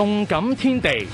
動感天地，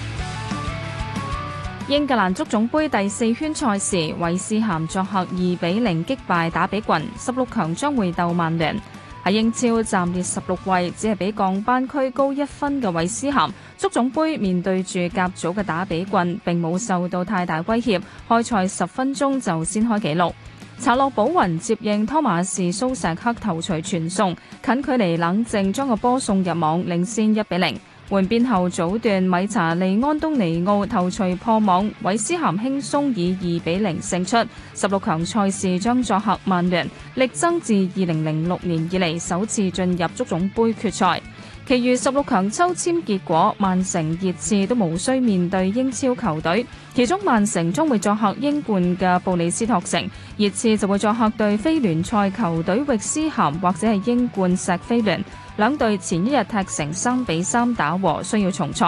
英格蘭足總杯第四圈賽事，韋斯咸作客二比零擊敗打比郡，十六強將會鬥曼聯。喺英超暫列十六位，只係比降班區高一分嘅韋斯咸足總杯面對住甲組嘅打比郡，並冇受到太大威脅。開賽十分鐘就先開紀錄，查洛寶雲接應湯馬士蘇石克頭錘傳送，近距離冷靜將個波送入網，領先一比零。換邊後早段米查利安東尼奧頭槌破網，韋斯咸輕鬆以2：0勝出。十六強賽事將作客曼聯，力爭自2006年以嚟首次進入足總杯決賽。其餘十六強抽籤結果，曼城熱刺都無需面對英超球隊，其中曼城將會作客英冠嘅布里斯托城，熱刺就會作客對非聯賽球隊域斯咸或者係英冠石菲聯，兩隊前一日踢成三比三打和，需要重賽。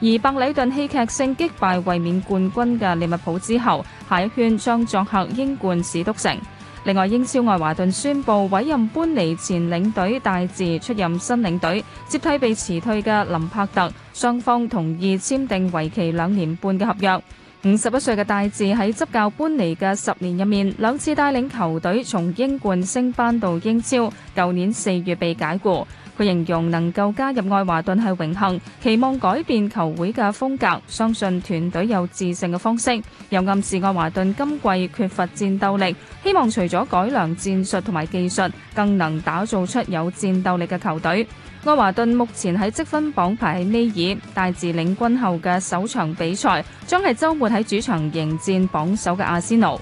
而白禮頓戲劇性擊敗衛冕冠軍嘅利物浦之後，下一圈將作客英冠史篤城。另外，英超愛華頓宣布委任般尼前領隊大治出任新領隊，接替被辭退嘅林柏特。雙方同意簽訂為期兩年半嘅合約。五十一歲嘅大治喺執教般尼嘅十年入面，兩次帶領球隊從英冠升班到英超。舊年四月被解雇。佢形容能夠加入愛華頓係榮幸，期望改變球會嘅風格，相信團隊有自信嘅方式。又暗示愛華頓今季缺乏戰鬥力，希望除咗改良戰術同埋技術，更能打造出有戰鬥力嘅球隊。愛華頓目前喺積分榜排喺尾二，戴治領軍後嘅首場比賽將係週末喺主場迎戰榜首嘅阿仙奴。